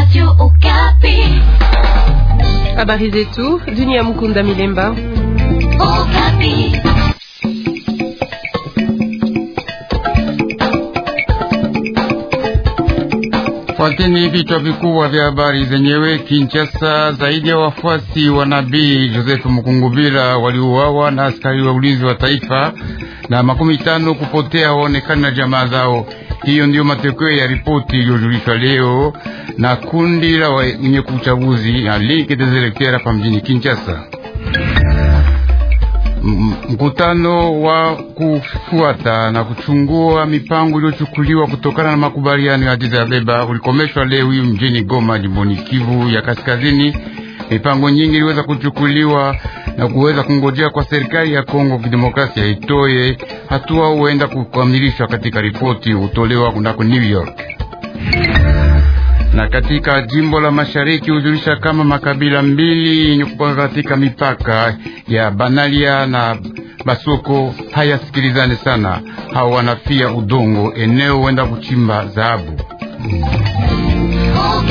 Radio Okapi. Habari zetu dunia Mukunda Milemba. Okapi. Fuateni vichwa vikubwa vya habari zenyewe. Kinshasa, zaidi ya wafuasi wa nabii Joseph Mukungubira waliuawa na askari wa ulinzi wa taifa na makumi tano kupotea waonekana na jamaa zao. Hiyo ndiyo matokeo ya ripoti iliyojulishwa leo na kundi la wenye kuchaguzi alikitezelekera pa mjini Kinshasa. Mkutano wa kufuata na kuchungua mipango iliyochukuliwa kutokana na makubaliano ya Addis Ababa ulikomeshwa leo hii mjini Goma, jimboni Kivu ya Kaskazini. Mipango nyingi iliweza kuchukuliwa na kuweza kungojea kwa serikali ya Kongo Kidemokrasia itoe hatua huenda kukamilishwa katika ripoti utolewa kunako New York. Na katika jimbo la mashariki hujulisha kama makabila mbili yenye kupanga katika mipaka ya Banalia na Basoko hayasikilizane sana, hao wanafia udongo eneo wenda kuchimba dhahabu. Oh,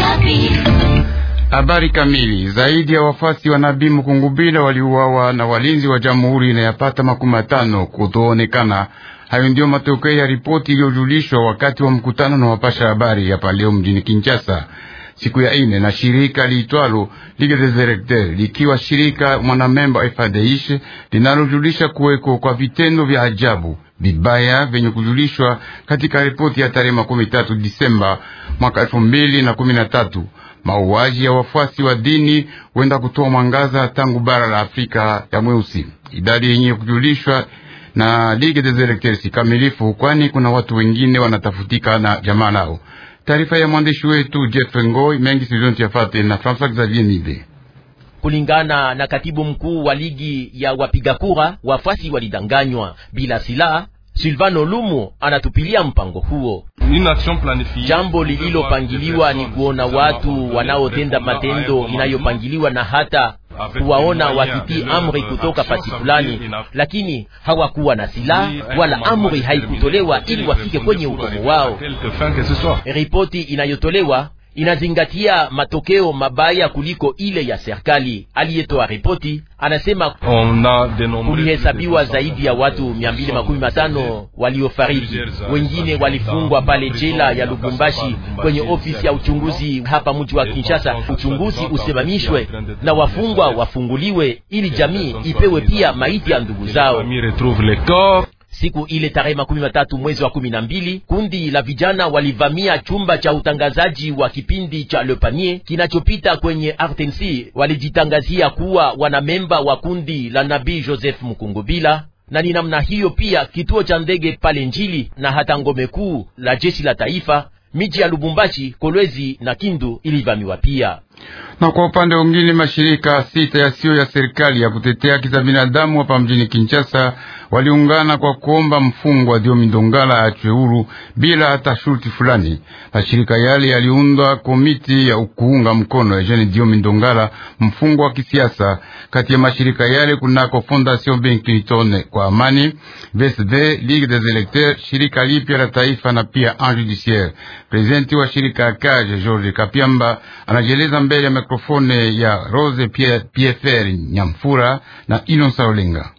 Habari kamili zaidi ya wafasi wa Nabii Mukungubila waliuawa na walinzi wa jamhuri na yapata makumi matano kutoonekana. Hayo ndiyo matokeo ya ripoti iliyojulishwa wakati wa mkutano na wapasha habari hapa leo mjini Kinshasa siku ya ine na shirika liitwalo Ligue des Electeurs, likiwa shirika mwanamemba FADH linalojulisha kuweko kwa vitendo vya ajabu vibaya vyenye kujulishwa katika ripoti ya tarehe makumi tatu Disemba mwaka elfu mbili na kumi na tatu mauaji ya wafuasi wa dini huenda kutoa mwangaza tangu bara la Afrika ya mweusi. Idadi yenye kujulishwa na Ligue des Electeurs si kamilifu, kwani kuna watu wengine wanatafutika na jamaa lao. Taarifa ya mwandishi wetu Jeff Ngoi mengi sizoni yafate na Francois Xavier Mide. Kulingana na katibu mkuu wa ligi ya wapiga kura, wafuasi walidanganywa bila silaha Silvano Lumu anatupilia mpango huo. Jambo lililopangiliwa ni kuona watu wanaotenda matendo inayopangiliwa na hata kuwaona wakitii amri euh, kutoka pasi fulani, lakini hawakuwa na silaha wala amri haikutolewa ili wafike kwenye ukomo wao. Ripoti inayotolewa inazingatia matokeo mabaya kuliko ile ya serikali. Aliyetoa ripoti anasema kulihesabiwa zaidi ya watu 215 waliofariki, wengine walifungwa pale jela ya Lubumbashi kwenye ofisi ya uchunguzi hapa mji wa Kinshasa. Uchunguzi usimamishwe na wafungwa wafunguliwe, ili jamii ipewe pia maiti ya ndugu zao. Siku ile tarehe makumi matatu mwezi wa kumi na mbili kundi la vijana walivamia chumba cha utangazaji wa kipindi cha Le Panier kinachopita kwenye RTNC. Walijitangazia kuwa wanamemba wa kundi la Nabii Joseph Mukungubila na ni namna hiyo pia kituo cha ndege pale Njili na hata ngome kuu la jeshi la taifa miji ya Lubumbashi, Kolwezi na Kindu ilivamiwa pia. Na kwa upande mwingine mashirika sita yasiyo ya serikali ya kutetea haki za binadamu hapa mjini Kinshasa waliungana kwa kuomba mfungwa Diomi Ndongala aachwe huru bila hata shurti fulani. Mashirika yale yaliundwa komiti ya kuunga mkono Eugene Diomi Ndongala, mfungwa wa kisiasa. Kati ya mashirika yale kunako Fondation Ben Clinton kwa amani, VSD, Ligue des Electeurs, shirika lipya la taifa na pia Ange judiciaire. Presidenti wa shirika Kaje George Kapiamba anajeleza mbele ya mikrofone ya Rose Pierre Nyamfura na Inosa Olenga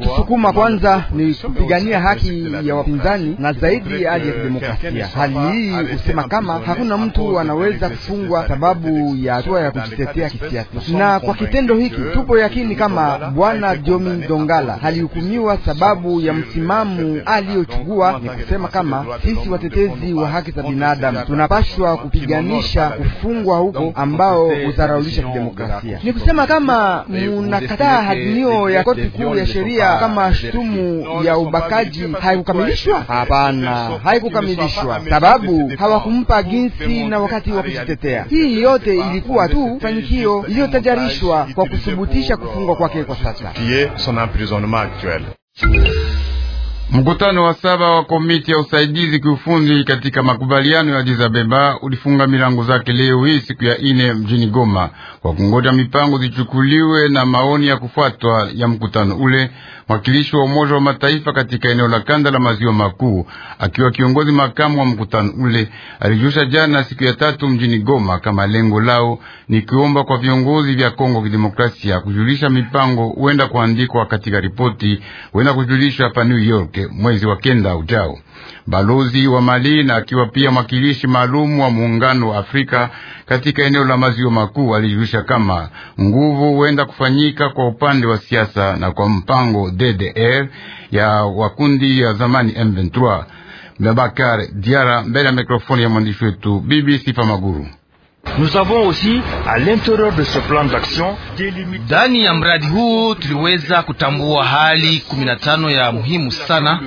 tusukuma kwanza ni kupigania haki ya wapinzani na zaidi hali ya kidemokrasia. Hali hii husema kama hakuna mtu anaweza kufungwa sababu ya hatua ya kujitetea kisiasa, na kwa kitendo hiki tupo yakini kama Bwana Diomi Dongala alihukumiwa sababu ya msimamo aliyochukua. Ni kusema kama sisi watetezi wa haki za binadamu tunapashwa kupiganisha kufungwa huko ambao huzaraulisha kidemokrasia. Ni kusema kama munakataa hadinio ya koti kuu ya sheria kama shtumu ya ubakaji haikukamilishwa? Hapana, haikukamilishwa sababu hawakumpa ginsi na wakati wa kujitetea. Hii yote ilikuwa tu fanikio iliyotajarishwa kwa kuthibitisha kufungwa kwake kwa sasa. Mkutano wa saba wa komiti ya usaidizi kiufundi katika makubaliano ya Addis Ababa ulifunga milango zake leo hii siku ya ine mjini Goma kwa kungoja mipango zichukuliwe na maoni ya kufuatwa ya mkutano ule. Mwakilishi wa Umoja wa Mataifa katika eneo la kanda la maziwa makuu akiwa kiongozi makamu wa mkutano ule alijusha jana siku ya tatu mjini Goma kama lengo lao ni kuomba kwa viongozi vya Kongo kidemokrasia kujulisha mipango huenda kuandikwa katika ripoti huenda kujulishwa hapa New York mwezi wa kenda ujao. Balozi wa Mali na akiwa pia mwakilishi maalum wa muungano wa Afrika katika eneo la maziwa makuu alijulisha kama nguvu huenda kufanyika kwa upande wa siasa na kwa mpango DDR ya wakundi ya zamani M23. Babakar Diara mbele ya mikrofoni ya mwandishi wetu BBC Pamaguru. Nous avons aussi à l'intérieur de ce plan d'action ndani ya mradi huu tuliweza kutambua hali kumi na tano ya muhimu sana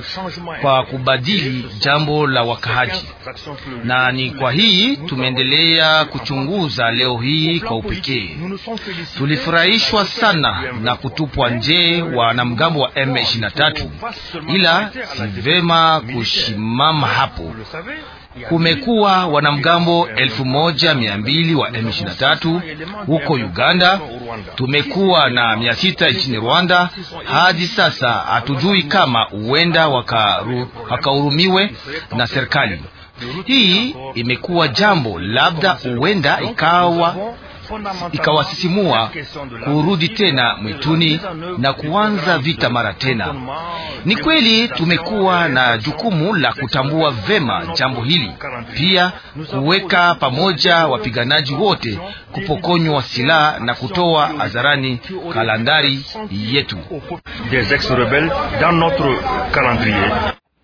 kwa kubadili jambo la wakaaji, na ni kwa hii tumeendelea kuchunguza leo hii kwa upekee. Tulifurahishwa sana na kutupwa nje wanamgambo wa M23, ila si vema kushimama hapo kumekuwa wanamgambo elfu moja mia mbili wa M23 huko Uganda, tumekuwa na mia sita nchini Rwanda. Hadi sasa hatujui kama huenda wakahurumiwe na serikali. Hii imekuwa jambo labda huenda ikawa ikawasisimua kurudi tena mwituni na kuanza vita mara tena. Ni kweli tumekuwa na jukumu la kutambua vema jambo hili, pia kuweka pamoja wapiganaji wote, kupokonywa silaha na kutoa hadharani kalandari yetu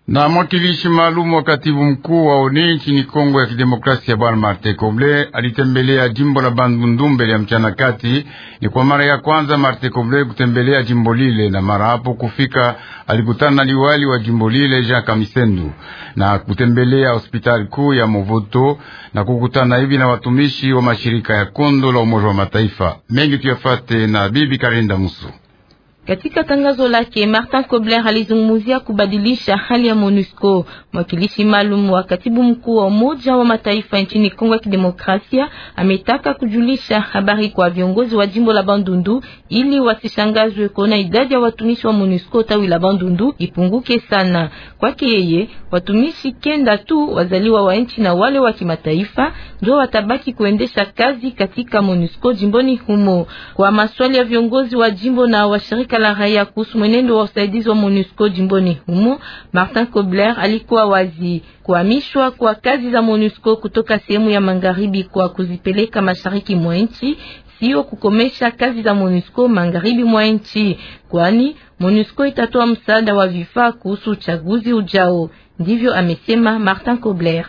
na mwakilishi maalum wa katibu mkuu wa ONU e nchini Kongo ya Kidemokrasia bwana Martin coble alitembelea jimbo la Bandundu mbele ya mchana kati. Ni kwa mara ya kwanza Martin coble kutembelea jimbo lile, na mara hapo kufika alikutana na liwali wa jimbo lile Jean Kamisendu na kutembelea hospitali kuu ya Movoto na kukutana hivi na watumishi wa mashirika ya Kondo la Umoja wa Mataifa. Mengi tuyafate na bibi Karinda Musu. Katika tangazo lake Martin Kobler alizungumzia kubadilisha hali ya MONUSCO. Mwakilishi maalum wa katibu mkuu wa Umoja wa Mataifa nchini Kongo ya Kidemokrasia ametaka kujulisha habari kwa viongozi wa jimbo la Bandundu ili wasishangazwe kuona idadi ya watumishi wa MONUSCO tawi la Bandundu ipunguke sana. Kwake yeye, watumishi kenda tu wazaliwa wa nchi na wale wa kimataifa ndio watabaki kuendesha kazi katika MONUSCO jimboni humo. Kwa maswali ya viongozi wa jimbo na washirika shirika la raia kuhusu mwenendo wa usaidizi wa MONUSCO jimboni humo, Martin Kobler alikuwa wazi kuhamishwa kwa kazi za MONUSCO kutoka sehemu ya magharibi kwa kuzipeleka mashariki mwa nchi sio kukomesha kazi za MONUSCO magharibi mwa nchi, kwani MONUSCO itatoa msaada wa vifaa kuhusu uchaguzi ujao. Ndivyo amesema Martin Kobler.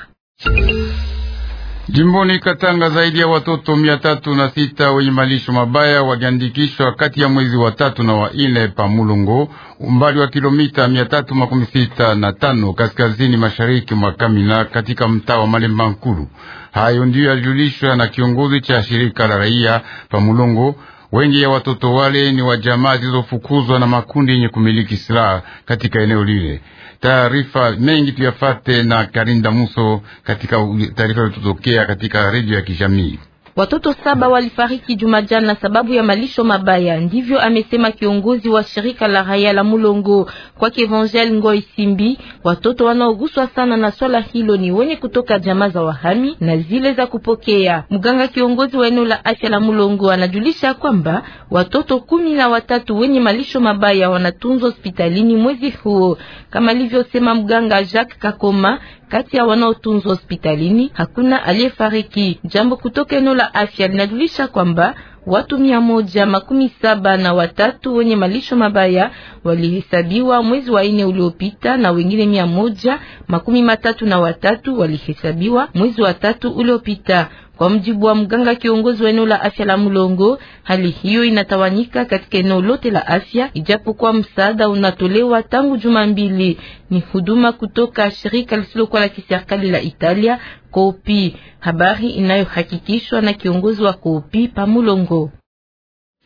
Jimboni Katanga zaidi ya watoto mia tatu na sita wenye malisho mabaya waliandikishwa kati ya mwezi wa tatu na wa ine pa Mulungu, umbali wa kilomita mia tatu makumi sita na tano kaskazini mashariki mwa Kamina katika mtaa wa Malemba Nkulu. Hayo ndiyo yalijulishwa na kiongozi cha shirika la raia pa Mulungu Wengi ya watoto wale ni wa jamaa zilizofukuzwa na makundi yenye kumiliki silaha katika eneo lile. Taarifa mengi tuyafate na Karinda Muso katika taarifa iliyotokea katika redio ya kijamii. Watoto saba walifariki Jumajana sababu ya malisho mabaya, ndivyo amesema kiongozi wa shirika la raia la Mulongo. Kwake Evangel Ngoi Simbi, watoto wanaoguswa sana na swala hilo ni wenye kutoka jamaa za wahami na zile za kupokea. Mganga kiongozi wa eneo la afya la Mulongo anajulisha kwamba watoto kumi na watatu wenye malisho mabaya wanatunzwa hospitalini mwezi huo, kama alivyosema mganga Jacques Kakoma. Kati ya wanaotunzwa hospitalini hakuna aliyefariki. Jambo kutoka eneo la afya linajulisha kwamba watu mia moja makumi saba na watatu wenye malisho mabaya walihesabiwa mwezi wa ine uliopita na wengine mia moja makumi matatu na watatu walihesabiwa mwezi wa tatu uliopita. Kwa mjibu wa mganga kiongozi wa eneo la afya la Mulongo, hali hiyo inatawanyika katika eneo lote la afya, ijapokuwa msaada unatolewa tangu juma mbili. Ni huduma kutoka shirika lisilokuwa la kiserikali la Italia Kopi, habari inayohakikishwa na kiongozi wa Kopi pa Mulongo.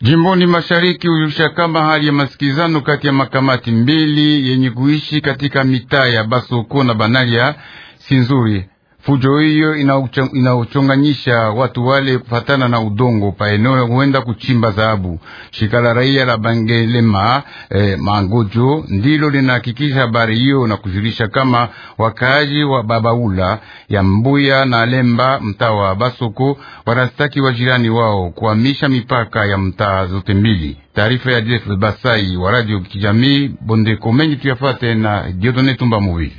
Jimboni mashariki hujulisha kama hali ya masikizano kati ya makamati mbili yenye kuishi katika mitaa ya Basoko na Banalia si nzuri. Fujo hiyo inaochonganyisha watu wale kufatana na udongo pa eneo kuenda kuchimba dhahabu. Shirika la raia la Bangelema eh, Mangojo ndilo linahakikisha habari hiyo na kujulisha kama wakaaji wa Babaula ya Mbuya na Lemba mtaa wa Basoko wanastaki wajirani wao kuhamisha mipaka ya mtaa zote mbili. Taarifa ya Jeff Basai wa Radio Kijamii Bondeko mengi tuyafate na Diodone Tumba Muvili.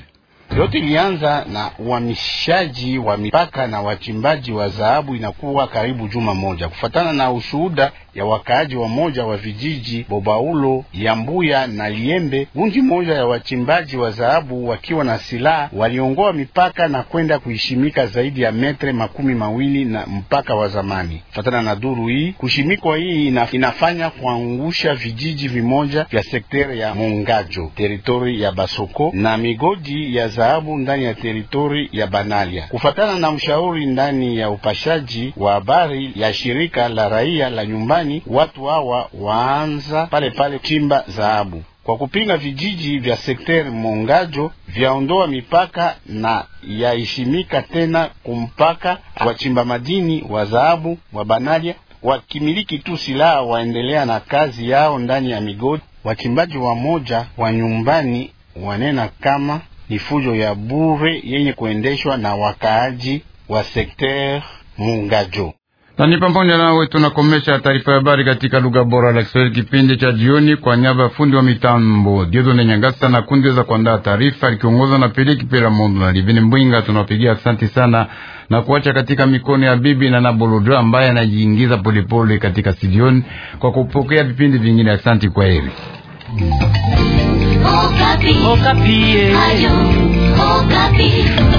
Yote ilianza na uhamishaji wa mipaka na wachimbaji wa dhahabu inakuwa karibu juma moja, kufuatana na ushuhuda ya wakaaji wa moja wa vijiji Bobaulo, Yambuya na Liembe. Gundi moja ya wachimbaji wa dhahabu wakiwa na silaha waliongoa mipaka na kwenda kuishimika zaidi ya metre makumi mawili na mpaka wa zamani. Fatana na duru hii, kushimikwa hii inafanya kuangusha vijiji vimoja vya sekteri ya Mongajo, teritori ya Basoko na migodi ya dhahabu ndani ya teritori ya Banalia, kufatana na mshauri ndani ya upashaji wa habari ya shirika la raia la nyumbani fulani, watu hawa waanza pale pale chimba dhahabu kwa kupinga vijiji vya sekter Mongajo vyaondoa mipaka na yaheshimika tena kumpaka wachimba madini wa dhahabu wa Banalia wakimiliki tu silaha waendelea na kazi yao ndani ya migodi. Wachimbaji wa moja wa nyumbani wanena kama ni fujo ya bure yenye kuendeshwa na wakaaji wa sekter Mungajo. Nani pamoja nawe tunakomesha taarifa ya habari katika lugha bora la Kiswahili kipindi cha jioni kwa niaba ya fundi wa mitambo Diodone Nyangasa na kundi za kuandaa taarifa likiongozwa na Peliki Pela Mondo na Livini Mbwinga. Tunawapigia asante sana na kuacha katika mikono ya bibi na Nabolodra ambaye anajiingiza polepole katika studioni kwa kupokea vipindi vingine. Asante kwa heri. Oh, Okapi. Okapi. Eh. Okapi.